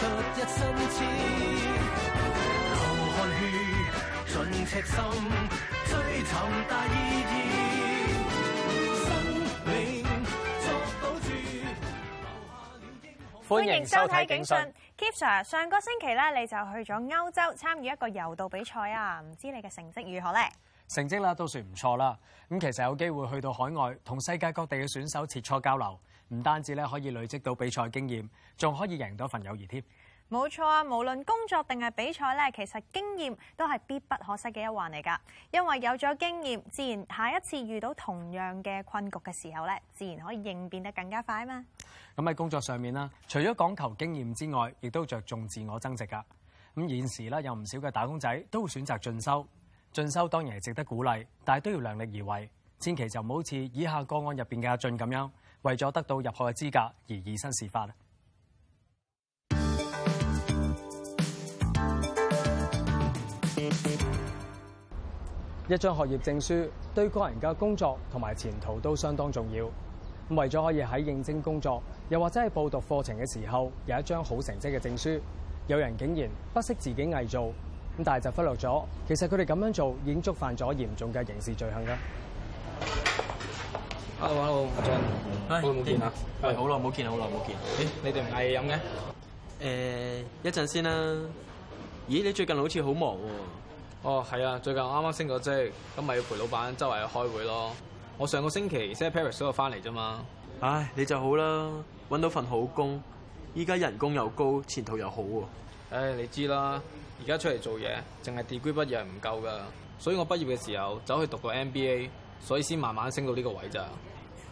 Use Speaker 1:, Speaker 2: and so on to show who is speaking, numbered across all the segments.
Speaker 1: 出一生痴流汗血盡赤心追尋大意，生命作留下
Speaker 2: 了英雄。
Speaker 3: 歡迎收睇警訊
Speaker 2: ，Kip Sir，上個星期咧，你就去咗歐洲參與一個柔道比賽啊，唔知你嘅成績如何咧？
Speaker 3: 成績啦，都算唔錯啦。咁其實有機會去到海外，同世界各地嘅選手切磋交流。唔單止咧可以累積到比賽經驗，仲可以贏到一份友誼添。
Speaker 2: 冇錯啊！無論工作定係比賽咧，其實經驗都係必不可少嘅一環嚟㗎。因為有咗經驗，自然下一次遇到同樣嘅困局嘅時候咧，自然可以應變得更加快嘛。
Speaker 3: 咁喺工作上面啦，除咗講求經驗之外，亦都着重自我增值㗎。咁現時咧有唔少嘅打工仔都會選擇進修，進修當然係值得鼓勵，但係都要量力而為，千祈就唔好似以下個案入邊嘅阿俊咁樣。為咗得到入學嘅資格而以身試法。一張學業證書對個人嘅工作同埋前途都相當重要。咁為咗可以喺應徵工作，又或者係報讀課程嘅時候有一張好成績嘅證書，有人竟然不惜自己偽造，但係就忽略咗，其實佢哋咁樣做已經觸犯咗嚴重嘅刑事罪行㗎。
Speaker 4: 啊，你好，吳俊，好耐冇見啊。係好耐冇見，好耐冇見。咦，你哋唔嗌嘢飲嘅？誒，一陣先啦。咦，你最近好似好忙喎。哦，係啊，最近啱啱升咗職，咁咪要陪老闆周圍去開會咯。我上個星期先喺 Paris 嗰度翻嚟啫嘛。唉，你就好啦，搵到份好工，依家人工又高，前途又好喎。唉，你知啦，而家出嚟做嘢，淨係 degree 畢業係唔夠噶，所以我畢業嘅時候走去讀個 MBA。所以先慢慢升到呢個位咋。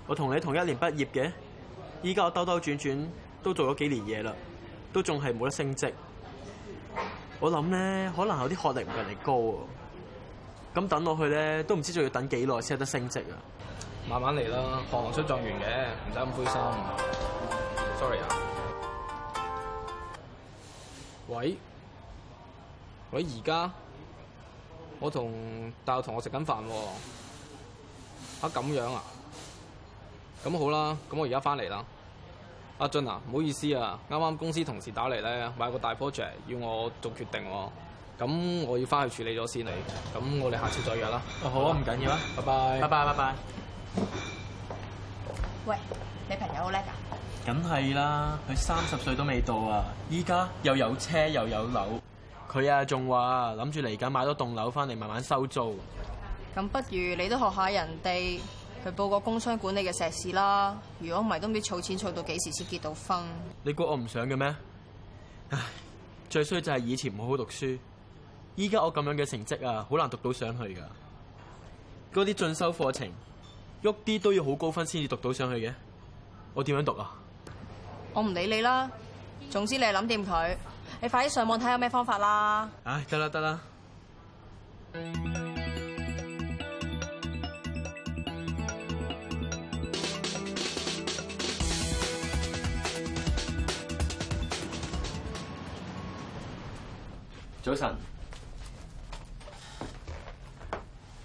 Speaker 4: 我同你同一年畢業嘅，依家兜兜轉轉都做咗幾年嘢啦，都仲係冇得升職。我諗咧，可能有啲學歷唔夠你高啊。咁等落去咧，都唔知仲要等幾耐先有得升職啊。慢慢嚟啦，行行出狀元嘅，唔使咁灰心。Sorry 啊。喂喂，而家我同大學同學食緊飯喎，啊。吓，咁樣啊？咁好啦，咁我而家翻嚟啦。阿俊啊，唔好意思啊，啱啱公司同事打嚟咧，買個大 project 要我做決定喎。咁我要翻去處理咗先嚟，咁我哋下次再約啦。好啊，唔緊要啊，拜拜。拜拜拜拜。
Speaker 5: 喂，你朋友好叻啊？
Speaker 4: 梗係啦，佢三十歲都未到啊，依家又有車又有樓，佢啊仲話諗住嚟緊買多棟樓翻嚟慢慢收租。
Speaker 5: 咁不如你都學下人哋去報個工商管理嘅碩士啦。如果唔係，都唔知儲錢儲到幾時先結到婚。
Speaker 4: 你估我唔想嘅咩？唉，最衰就係以前唔好好讀書，依家我咁樣嘅成績啊，好難讀到上去噶。嗰啲進修課程，喐啲都要好高分先至讀到上去嘅。我點樣讀啊？
Speaker 5: 我唔理你啦。總之你係諗掂佢，你快啲上網睇下咩方法啦。
Speaker 4: 唉，得啦得啦。早晨，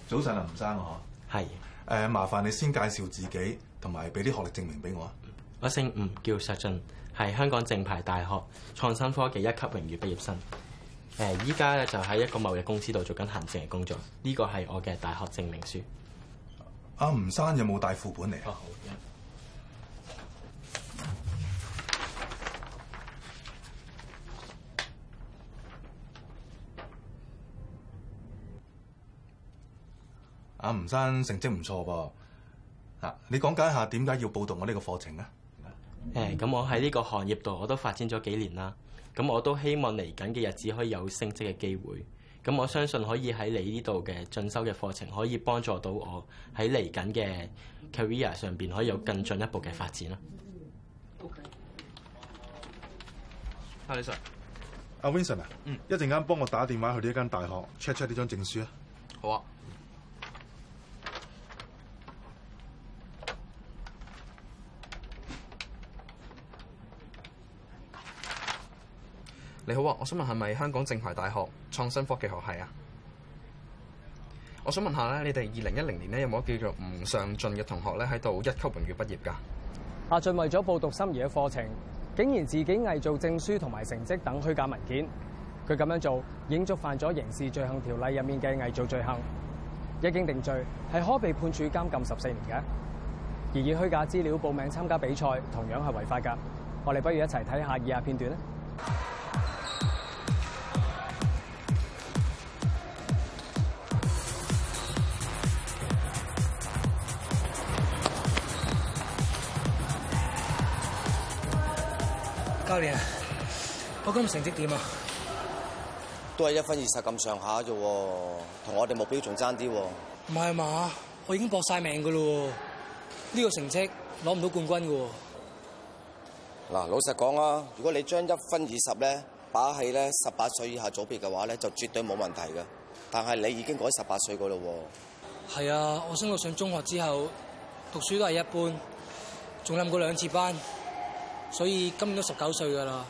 Speaker 4: 早晨啊，吳生。我係，誒，麻煩你先介紹自己，同埋俾啲學歷證明俾我啊。我姓吳，叫石進，係香港正牌大學創新科技一級榮譽畢業生。誒，依家咧就喺一個某嘅公司度做緊行政嘅工作。呢個係我嘅大學證明書。阿吳生，有冇帶副本嚟啊？好阿、啊、吳生成績唔錯喎，嗱、啊，你講解一下點解要報讀我這個課呢個課程咧？誒、嗯，咁我喺呢個行業度我都發展咗幾年啦，咁我都希望嚟緊嘅日子可以有升職嘅機會。咁我相信可以喺你呢度嘅進修嘅課程可以幫助到我喺嚟緊嘅 career 上邊可以有更進一步嘅發展啦。
Speaker 6: 阿、okay. 李 Sir，
Speaker 4: 阿 Vinson 啊，嗯，一陣間幫我打電話去呢間大學 check check 呢張證書啊。好啊。你好啊，我想問係咪香港正牌大學創新科技學系啊？我想問下咧，你哋二零一零年呢，有冇叫做吳尚俊嘅同學咧喺度一級榮譽畢業噶？阿俊為咗報讀心
Speaker 3: 儀嘅課程，竟然自己偽造證書同埋成績等虛假文件，佢咁樣做，已經觸犯咗刑事罪行條例入面嘅偽造罪行，一經定罪，係可被判處監禁十四年嘅。而以虛假資料報名參加比賽，同樣係違法噶。我哋不如一齊睇下以下片段咧。
Speaker 1: 教練，我今日成績點啊？
Speaker 7: 都係一分二十咁上下啫，同我哋目標仲爭啲。唔
Speaker 1: 係嘛，我已經搏晒命噶咯，呢個成績攞唔到冠軍噶。
Speaker 7: 嗱，老實講啊，如果你將一分二十咧，擺喺咧十八歲以下組別嘅話咧，就絕對冇問題噶。但係你已經改十八歲噶咯。
Speaker 1: 係啊，我升到上中學之後，讀書都係一般，仲諗過兩次班。所以今年都十九歲噶啦，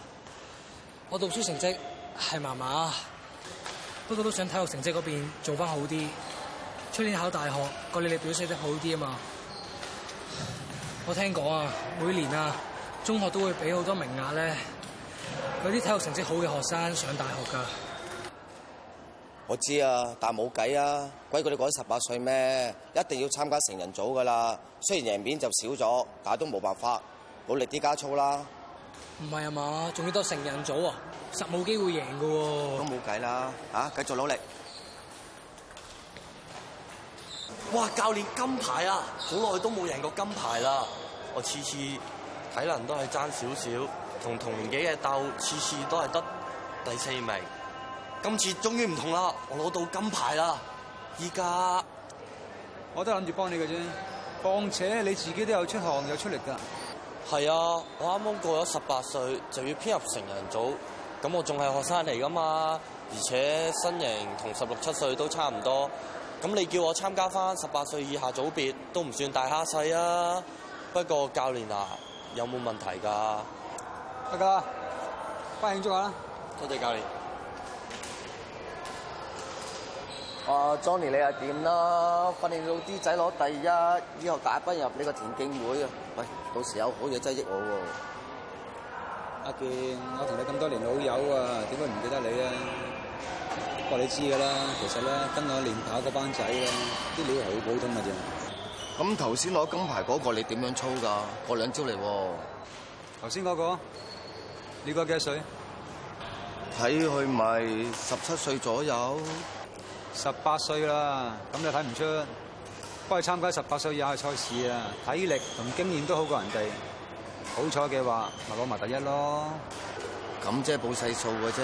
Speaker 1: 我讀書成績係麻麻，不過都想體育成績嗰邊做翻好啲。出年考大學，嗰你哋表現得好啲啊嘛。我聽講啊，每年啊，中學都會俾好多名額咧，嗰啲體育成績好嘅學生上大學㗎。
Speaker 7: 我知啊，但係冇計啊，鬼佢哋講十八歲咩？一定要參加成人組㗎啦。雖然贏面就少咗，但係都冇辦法。努力啲加操啦！
Speaker 1: 唔係啊嘛，仲要多成人組啊，啊，實冇機會贏噶。都冇計
Speaker 6: 啦，
Speaker 7: 吓，繼續努力！
Speaker 6: 哇，教練金牌啊，好耐都冇贏過金牌啦！我次次體能都係爭少少，同同年紀嘅鬥，次次都係得第四名。今次終於唔同啦，我攞到金牌啦！依家我
Speaker 8: 都諗住幫你嘅啫，況且你自己都有出汗有出力噶。
Speaker 6: 係啊，我啱啱過咗十八歲，就要編入成人組，咁我仲係學生嚟噶嘛？而且身形同十六七歲都差唔多，咁你叫我參加翻十八歲以下組別都唔算大蝦細啊。不過教練啊，有冇問題㗎？大
Speaker 8: 哥，歡迎咗我啦！
Speaker 6: 多謝教練。
Speaker 7: 啊、哦、，Johnny，你又掂啦？訓練到啲仔攞第一，以後大班入呢個田徑會啊！喂，到時有好嘢得益我喎、啊。阿健，我同你咁多年老友啊，
Speaker 8: 點解唔記得你啊？
Speaker 7: 不過你知噶啦，其實咧，跟我練跑嗰班仔咧，啲料係好普通噶啫。咁頭先攞金牌嗰個你點樣操噶？過兩招嚟喎、啊。頭先嗰個，你個幾多歲？睇佢咪
Speaker 8: 十七歲左右。十八歲啦，咁就睇唔出，不過參加十八歲以下賽事啊，體力同經驗都好過人哋，好彩嘅話
Speaker 7: 咪攞埋第一咯。咁即係報細數嘅啫，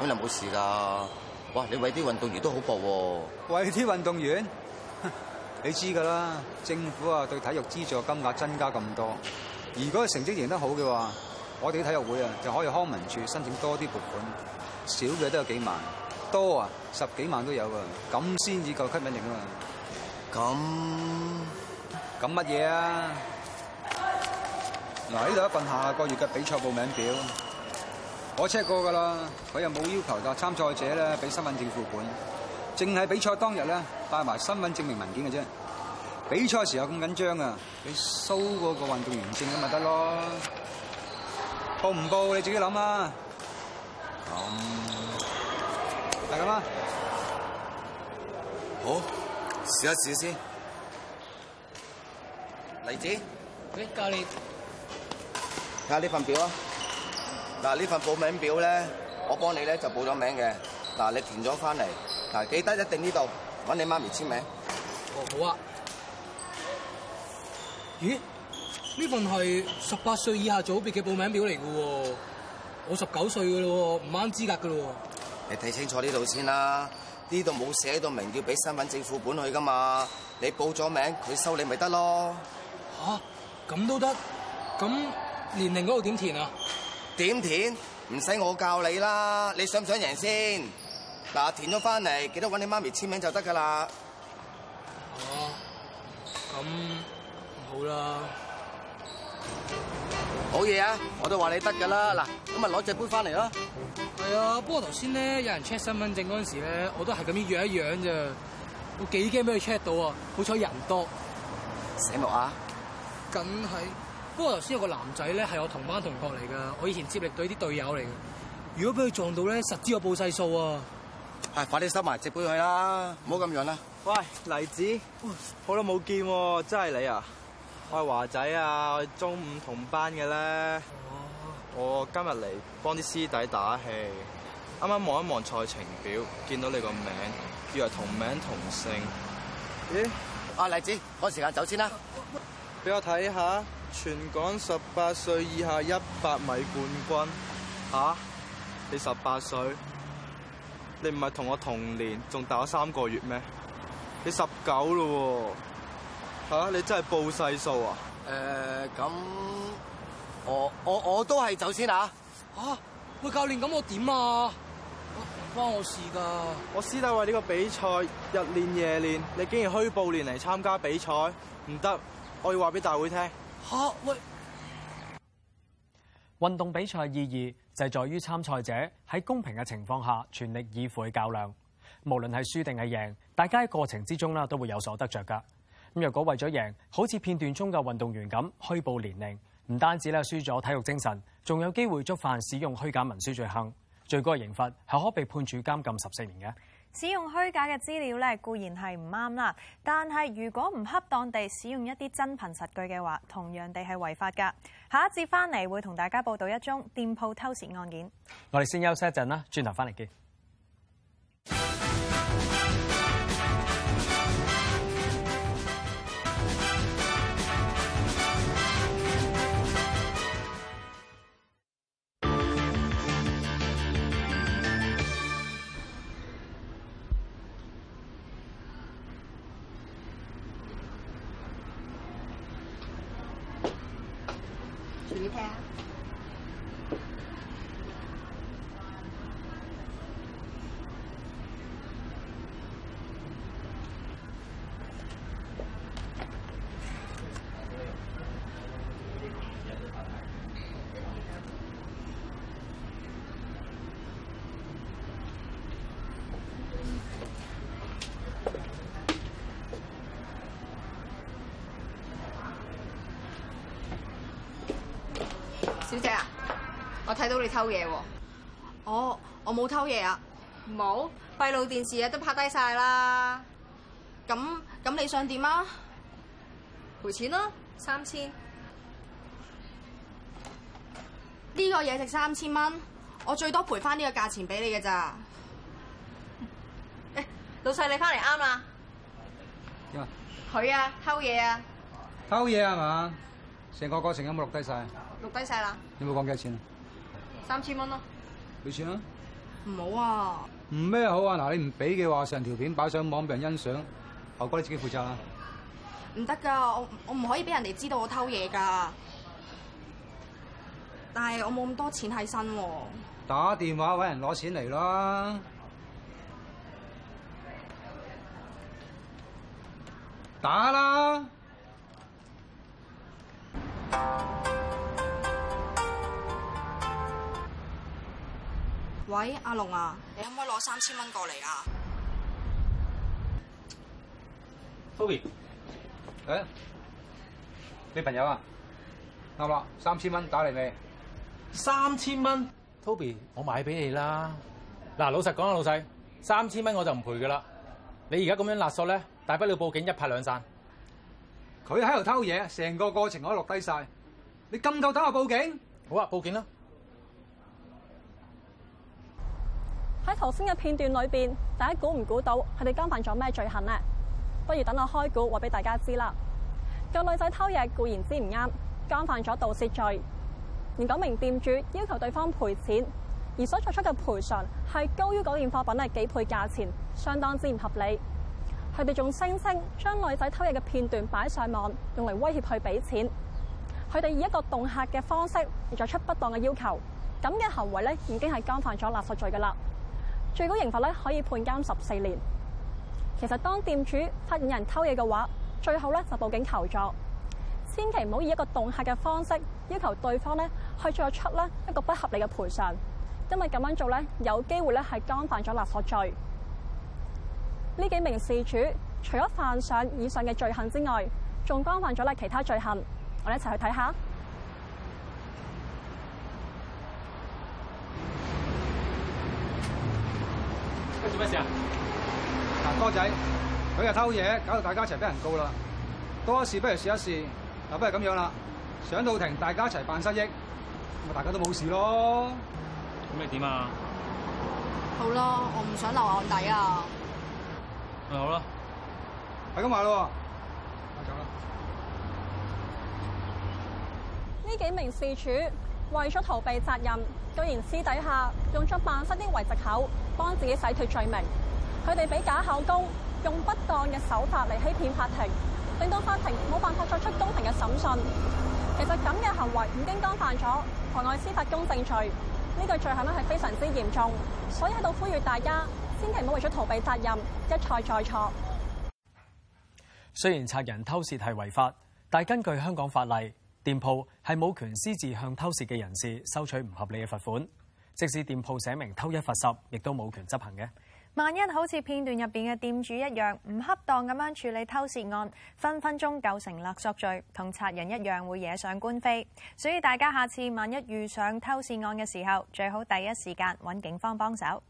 Speaker 7: 可能冇事噶。哇！你為啲運動員都好搏喎，喂啲運動員，
Speaker 8: 你知噶啦，政府啊對體育資助金額增加咁多，如果成績贏得好嘅話，我哋啲體育會啊就可以康文處申請多啲撥款，少嘅都有幾萬。多啊，十幾萬都有喎，咁先至夠吸引力啊嘛。咁咁乜嘢啊？嗱，呢度一份下個月嘅比賽報名表，我 check 過噶啦。佢又冇要求就參賽者咧俾身份證副本，淨係比賽當日咧帶埋身份證明文件嘅啫。比賽時候咁緊張啊，你收嗰個運動員證咁咪得咯？報唔報你自己諗啊。
Speaker 7: 大家嘛，好，試一試先。黎姐，喂，教練，你睇下呢份表啊。嗱，呢份報名表咧，我幫你咧就報咗名嘅。嗱，你填咗返嚟，嗱，記得一定呢度搵你媽咪簽名。哦，好啊。咦？呢份係十八
Speaker 1: 歲以下組別嘅報名表嚟㗎喎，我十九歲㗎喇喎，唔啱資格㗎喇喎。
Speaker 7: 你睇清楚呢度先啦，呢度冇寫到明要俾身份證副本去噶嘛？你報咗名，佢收你咪得咯。吓、啊，咁都得？咁年齡嗰度點填啊？點填？唔使我教你啦，你想唔想贏先？嗱、啊，填咗翻嚟，記得搵你媽咪簽名就得噶啦。
Speaker 1: 哦，
Speaker 7: 咁好啦，好嘢啊！我都話你得噶啦。嗱，咁咪攞隻杯翻嚟咯。啊，不過頭先
Speaker 1: 咧有人 check 身份證嗰陣時咧，我都係咁樣樣一樣咋，我幾驚俾佢 check 到啊！好彩人多，
Speaker 7: 醒目啊！
Speaker 1: 梗係，不過頭先有個男仔咧係我同班同學嚟噶，我以前接力隊啲隊友嚟嘅，如果俾佢撞到咧，實知我報細
Speaker 7: 數啊！係，快啲收埋，接俾佢啦，唔好咁樣啦。喂，黎子，好耐冇見喎，真係你啊！我係華仔啊，我係中五同班
Speaker 4: 嘅咧。我今日嚟幫啲師弟打氣。啱啱望一望賽程表，見到你個名，以為同名同姓。
Speaker 7: 咦、欸？啊，黎子，趕時間走先啦。
Speaker 4: 俾我睇下全港十八歲以下一百米冠軍。吓、啊？你十八歲？你唔係同我同年，仲大我三個月咩？你十九咯
Speaker 7: 喎。吓、啊？你真係報細數啊？誒、呃，咁。我我我都係走先啊！
Speaker 1: 吓、啊、
Speaker 7: 喂，教練，咁我點啊？
Speaker 4: 唔關我事噶。我師弟話呢個比賽日練夜練，你竟然虛報年齡嚟參加比賽，唔得！我要話俾大會聽吓、啊、喂。
Speaker 3: 運動比賽意義就係在於參賽者喺公平嘅情況下全力以赴去較量，無論係輸定係贏，大家喺過程之中啦都會有所得着噶。咁若果為咗贏，好似片段中嘅運動員咁虛報年齡。唔單止咧輸咗體育精神，仲有機會觸犯使用虛假文書罪行，最高刑罰係可被判處監禁十四年嘅。
Speaker 2: 使用虛假嘅資料咧固然係唔啱啦，但係如果唔恰當地使用一啲真憑實據嘅話，同樣地係違法噶。下一節翻嚟會同大家報道一宗店鋪偷竊案件。
Speaker 3: 我哋先休息一陣啦，轉頭翻嚟見。
Speaker 5: 睇到你偷嘢喎，哦！Oh，我冇偷嘢啊，冇閉路電視啊，都拍低晒啦。咁咁你想點啊？賠錢啦，三千呢、呢個嘢值三千蚊，我最多賠翻呢個價錢俾你嘅咋？ 老細，你翻嚟啱啦。點啊？佢啊，偷嘢啊！
Speaker 8: 偷嘢係嘛？成個過程有冇錄低晒？
Speaker 5: 錄低晒啦！你
Speaker 8: 有冇講幾多錢啊？三千蚊咯，俾錢啊！
Speaker 5: 唔好啊！
Speaker 8: 唔咩好啊？嗱，你唔俾嘅話，成條片擺上網俾人欣賞，後果你自己負責啊！
Speaker 5: 唔得噶，我我唔可以俾人哋知道我偷嘢噶。但係我冇咁多錢喺身、啊，
Speaker 8: 打電話搵人攞錢嚟啦！打啦！
Speaker 5: 喂，阿龍啊，你
Speaker 6: 可唔可以
Speaker 8: 攞三千蚊過嚟啊？Toby，誒、欸，你朋友啊，啱啦，三千蚊打嚟未？三千蚊，Toby，我買俾你啦。嗱，老實講啊，老細，三千蚊我就唔賠噶啦。你而家咁樣勒索咧，大不了報警一拍兩散。佢喺度偷嘢，成個過程我都錄低晒。你咁夠膽我報警？好啊，報警啦。
Speaker 5: 喺頭先嘅片段裏邊，大家估唔估到佢哋干犯咗咩罪行呢？不如等我開估，話俾大家知啦。這個女仔偷嘢固然之唔啱，干犯咗盜竊罪。而九名店主要求對方賠錢，而所作出嘅賠償係高於嗰件貨品嘅幾倍價錢，相當之唔合理。佢哋仲聲稱將女仔偷嘢嘅片段擺上網，用嚟威脅佢俾錢。佢哋以一個恫嚇嘅方式，而作出不當嘅要求，咁嘅行為咧，已經係干犯咗勒索罪噶啦。最高刑罰咧可以判監十四年。其實當店主發現人偷嘢嘅話，最好咧就報警求助，千祈唔好以一個恫吓嘅方式要求對方咧去作出咧一個不合理嘅賠償，因為咁樣做咧有機會咧係干犯咗勒索罪。呢幾名事主除咗犯上以上嘅罪行之外，仲干犯咗咧其他罪行，我哋一齊去睇下。
Speaker 8: 咩事啊？多哥仔，佢又偷嘢，搞到大家一齊俾人告啦。多一事不如少一事，又不如咁樣啦，上到庭大家一齊扮失憶，咁咪大家都冇事咯。咁你點啊？
Speaker 5: 好咯，我唔想留案底啊。
Speaker 8: 咪好咯，係咁話咯，我走啦。
Speaker 5: 呢幾名事主為咗逃避責任。居然私底下用咗萬千啲圍藉口幫自己洗脱罪名，佢哋俾假口供，用不當嘅手法嚟欺騙法庭，令到法庭冇辦法作出公平嘅審訊。其實咁嘅行為已經當犯咗妨礙司法公正罪，呢、這個罪行咧，係非常之嚴重，所以喺度呼籲大家千祈唔好為咗逃避責任，一錯再錯。
Speaker 3: 雖然賊人偷竊係違法，但根據香港法例。店鋪係冇權私自向偷竊嘅人士收取唔合理嘅罰款，即使店鋪寫明偷一罰十，亦都冇權執行嘅。
Speaker 2: 萬一好似片段入邊嘅店主一樣，唔恰當咁樣處理偷竊案，分分鐘構成勒索罪，同賊人一樣會惹上官非。所以大家下次萬一遇上偷竊案嘅時候，最好第一時間揾警方幫手。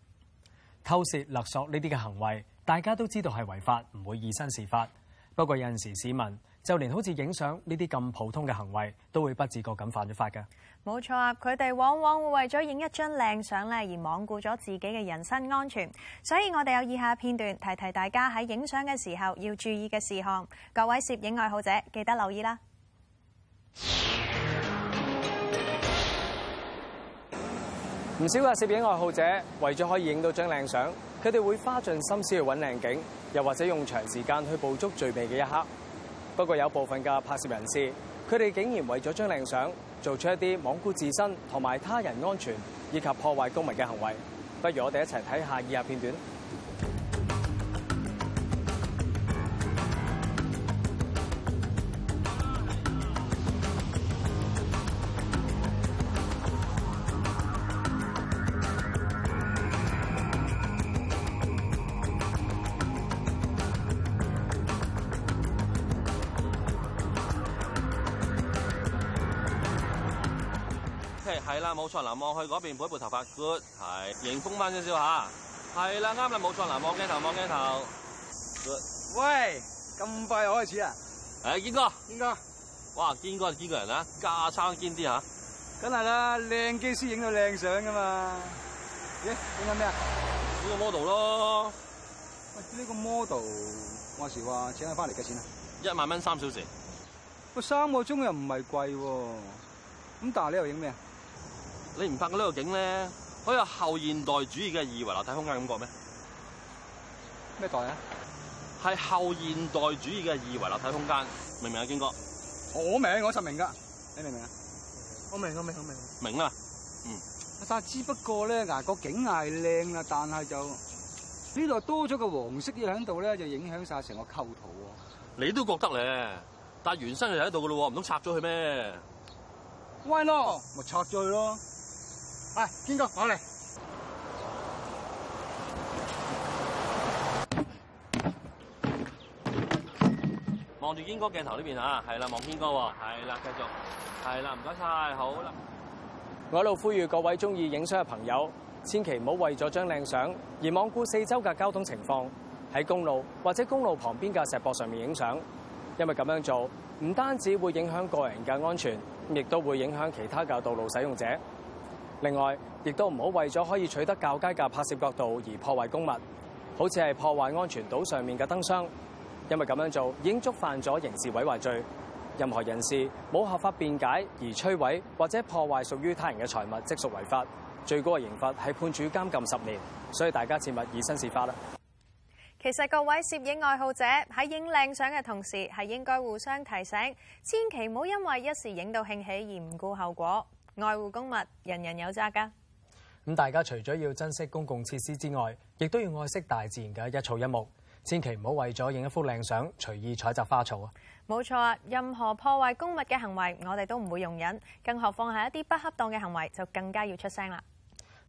Speaker 3: 偷竊、勒索呢啲嘅行為，大家都知道係違法，唔會以身試法。不過有陣時市民，就連好似影相呢啲咁普通嘅行為，都會不自覺咁犯咗法㗎。
Speaker 2: 冇錯啊！佢哋往往會為咗影一張靚相咧，而罔顧咗自己嘅人身安全。所以我哋有以下片段，提提大家喺影相嘅時候要注意嘅事項。各位攝影愛好者記得留意啦。
Speaker 3: 唔少嘅攝影愛好者為咗可以影到張靚相，佢哋會花盡心思去揾靚景，又或者用長時間去捕捉最美嘅一刻。不過有部分嘅拍攝人士，佢哋竟然為咗張靚相，做出一啲罔顧自身同埋他人安全，以及破壞公物嘅行為。不如我哋一齊睇下以下片段。
Speaker 6: 冇錯，嗱，望去嗰邊，一部頭髮 good 係，迎風翻少少吓，係啦，啱啦，冇錯，嗱，望鏡頭，望鏡頭 good。
Speaker 8: 喂，咁快又
Speaker 6: 開始啊？誒、欸，堅哥，堅哥，哇，堅哥係堅個人啊，架生堅啲吓。
Speaker 8: 梗係啦，靚機師影到靚相噶嘛？咦、欸，影緊咩啊？呢、這個 model 咯。喂、這個，呢個 model，我話時話，請佢翻嚟幾錢啊？
Speaker 6: 一萬蚊三小時。
Speaker 8: 喂，三個鐘又唔係貴喎，咁但係
Speaker 6: 你又影咩啊？你唔發覺呢個景咧，好有後現代主義嘅二維立體空間感覺咩？咩代啊？係後現代主義嘅二維立體空間，明唔明啊，堅哥，我明，我實明噶，你明唔明啊？我
Speaker 8: 明，我明，我明。
Speaker 6: 明啦。嗯。
Speaker 8: 但係只不過咧，嗱個景係靚啦，但係就呢度多咗個黃色嘅喺度咧，就影響晒成個構圖喎。
Speaker 6: 你都覺得咧，但係原生就喺度噶咯，唔通拆咗佢咩？
Speaker 8: 喂咯、啊，咪拆咗佢咯。哎，堅哥我嚟，
Speaker 6: 望住堅哥鏡頭呢邊啊，係啦，望堅哥喎，係啦，繼續，係啦，唔該晒，好啦。
Speaker 3: 我一路呼籲各位中意影相嘅朋友，千祈唔好為咗張靚相而罔顧四周嘅交通情況，喺公路或者公路旁邊嘅石壆上面影相，因為咁樣做唔單止會影響個人嘅安全，亦都會影響其他嘅道路使用者。另外，亦都唔好為咗可以取得較佳嘅拍攝角度而破壞公物，好似係破壞安全島上面嘅燈箱，因為咁樣做已經觸犯咗刑事毀壞罪。任何人士冇合法辯解而摧毀或者破壞屬於他人嘅財物，即屬違法，最高嘅刑罰係判處監禁十年。所以大家切勿以身試法啦。
Speaker 2: 其實各位攝影愛好者喺影靚相嘅同時，係應該互相提醒，千祈唔好因為一時影到興起而唔顧後果。愛護公物，人人有責噶啊。
Speaker 3: 咁大家除咗要珍惜公共設施之外，亦都要愛惜大自然嘅一草一木，千祈唔好為咗影一幅靚相隨意採摘花草啊！
Speaker 2: 冇錯啊，任何破壞公物嘅行為，我哋都唔會容忍，更何況係一啲不恰當嘅行為，就更加要出聲啦。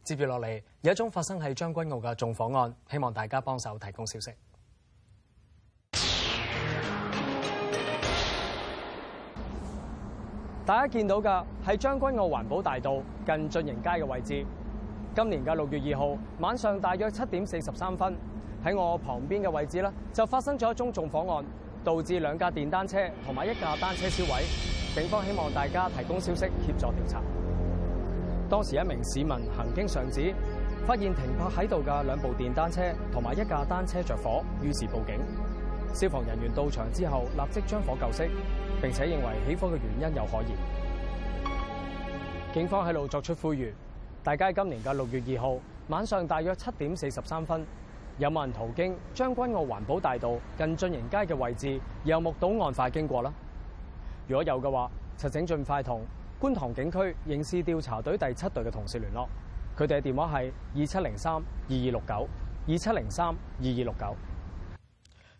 Speaker 3: 接住落嚟，有一宗發生喺將軍澳嘅縱火案，希望大家幫手提供消息。大家見到嘅係將軍澳環保大道近進盈街嘅位置。今年嘅六月二號晚上，大約七點四十三分，喺我旁邊嘅位置呢，就發生咗一宗縱火案，導致兩架電單車同埋一架單車燒毀。警方希望大家提供消息協助調查。當時一名市民行經上址，發現停泊喺度嘅兩部電單車同埋一架單車着火，於是報警。消防人員到場之後，立即將火救熄。並且認為起火嘅原因有可疑。警方喺度作出呼籲，大家今年嘅六月二號晚上大約七點四十三分，有冇人途經將軍澳環保大道近進營街嘅位置有目睹案發經過啦？如果有嘅話，就請盡快同觀塘警區刑事調查隊第七隊嘅同事聯絡。佢哋嘅電話係二七零三二二六九，二七零三二二六九。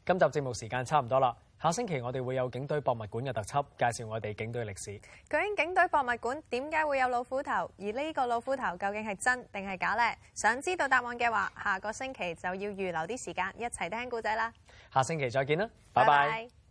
Speaker 3: 今集節目時間差唔多啦。下星期我哋會有警隊博物館嘅特輯，介紹我哋警隊嘅歷史。
Speaker 2: 究竟警隊博物館點解會有老虎頭？而呢個老虎頭究竟係真定係假呢？想知道答案嘅話，下個星期就要預留啲時間一齊聽故仔啦。
Speaker 3: 下星期再見啦，拜拜。Bye
Speaker 2: bye